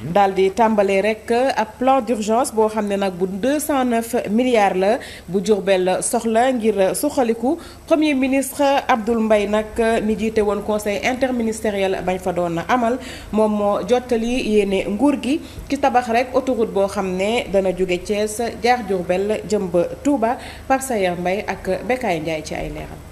daal di tàmbalee rek ab plan d'urgence boo xam ne nag bu 209 milliards la bu Diourbel soxla ngir suqaliku premier ministre Abdoul mbay nag mi jiite woon conseil interministériel bañ fa doon amal moom moo jottali yéene nguur gi ci tabax rek autoroute boo xam ne dana jóge Thiès jaar Diourbel jëm ba Touba Pape mbay Mbaye ak Bekaay njaay ci ay leeral.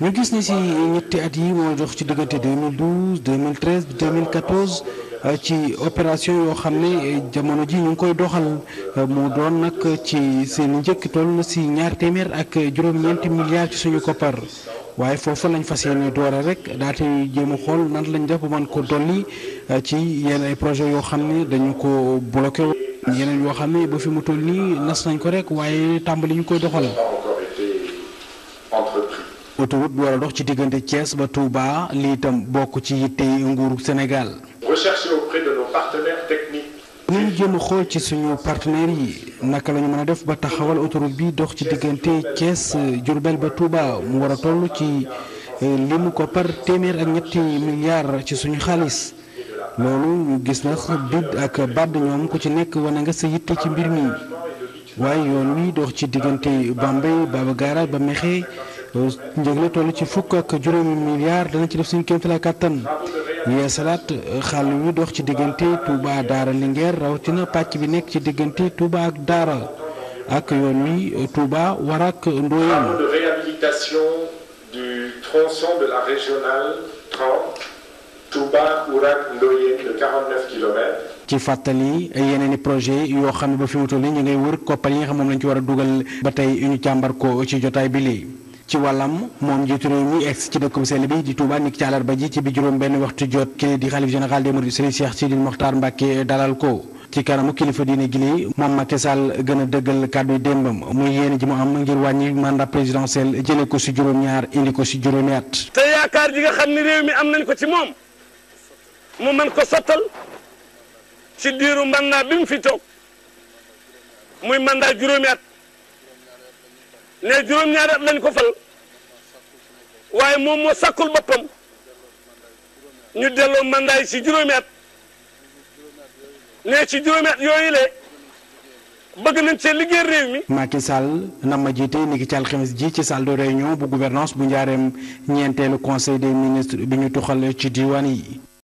ñu gis ni si ñetti at yi moo jox ci diggante 2012 2013 2014 ci opération yoo xam ne euh, jamono ji ñu ngi koy doxal euh, mu doon nag ci seen njëkk toll na si ñaar téeméer ak juróom-ñeenti milliards ci suñu koppar waaye foofu lañ fas yéene doora rek daate jéem a xool nan lañ def man ko dolli euh, ci yenn ay projet yoo xam ne dañu ko bloqué yeneen yoo xam ne ba fi mu toll nii nas nañ ko rek waaye tàmbali ñu koy doxal. autoroute bi war a dox ci diggante Thiès ba Touba lii itam bokk ci yitte nguuru Sénégal. rechercher ñu jéem xool ci suñu partenaires yi naka la ñu def ba taxawal autoroute bi dox ci diggante Thiès Diourbel ba Touba mu war a toll ci eh, limu ko par téeméer ak ñetti milliards ci suñu xaalis. loolu ñu gis na bid ak bàdd ñoom ku ci nekk wane nga sa yitte ci mbir mi waaye yoon wi dox ci diggante Bambey Baba ba Mexe njëg la toll ci fukk ak juróomi milliards dana ci def suñu kéemtalaay kàttan yee salaat euh, xal wi dox ci diggante Touba Daara Linguère rawatina pàcc bi nekk ci diggante Touba ak Daara ak yoon euh, war ak Ndoyeen. de réhabilitation du ci fàttali yeneen i projet yoo xam ne ba fi mu toll nii ñu ngay wër koppar yi nga xam moom ci war a dugal ba tey uñu càmbar ci jotaay bi lii. ci wàllam moom njiitu réew mi ex ci dëkkum sell bi di Touba niki ci àllarba ji ci bi juróom benn waxtu jot kii di xalif général des mourides Serigne Cheikh Sidil Mokhtar Mbacké dalal ko ci kanamu kilifa diine gi moom Macky Sall gën a dëggal kàddu démbam muy yéene ji mu am ngir wàññi mandat présidentiel jëlee ko si juróom-ñaar indi ko si juróomi at. te yaakaar ji nga xam ne réew mi am nañ ko ci moom mu mën ko sottal ci diiru mandat bi mu fi toog muy mandat ne juróom-ñaari at lañ ko fal waaye moom moo sàkkul boppam ñu delloo mandat yi ci juróomi at ne ci juróomi at yooyu le bëgg nañ cee liggéey réew mi. Macky Sall na ma jiite ni ki ci alxames ji ci salle de réunion bu gouvernance bu njaareem ñeenteelu conseil des ministres bi ñu tuxal ci diwaan yi.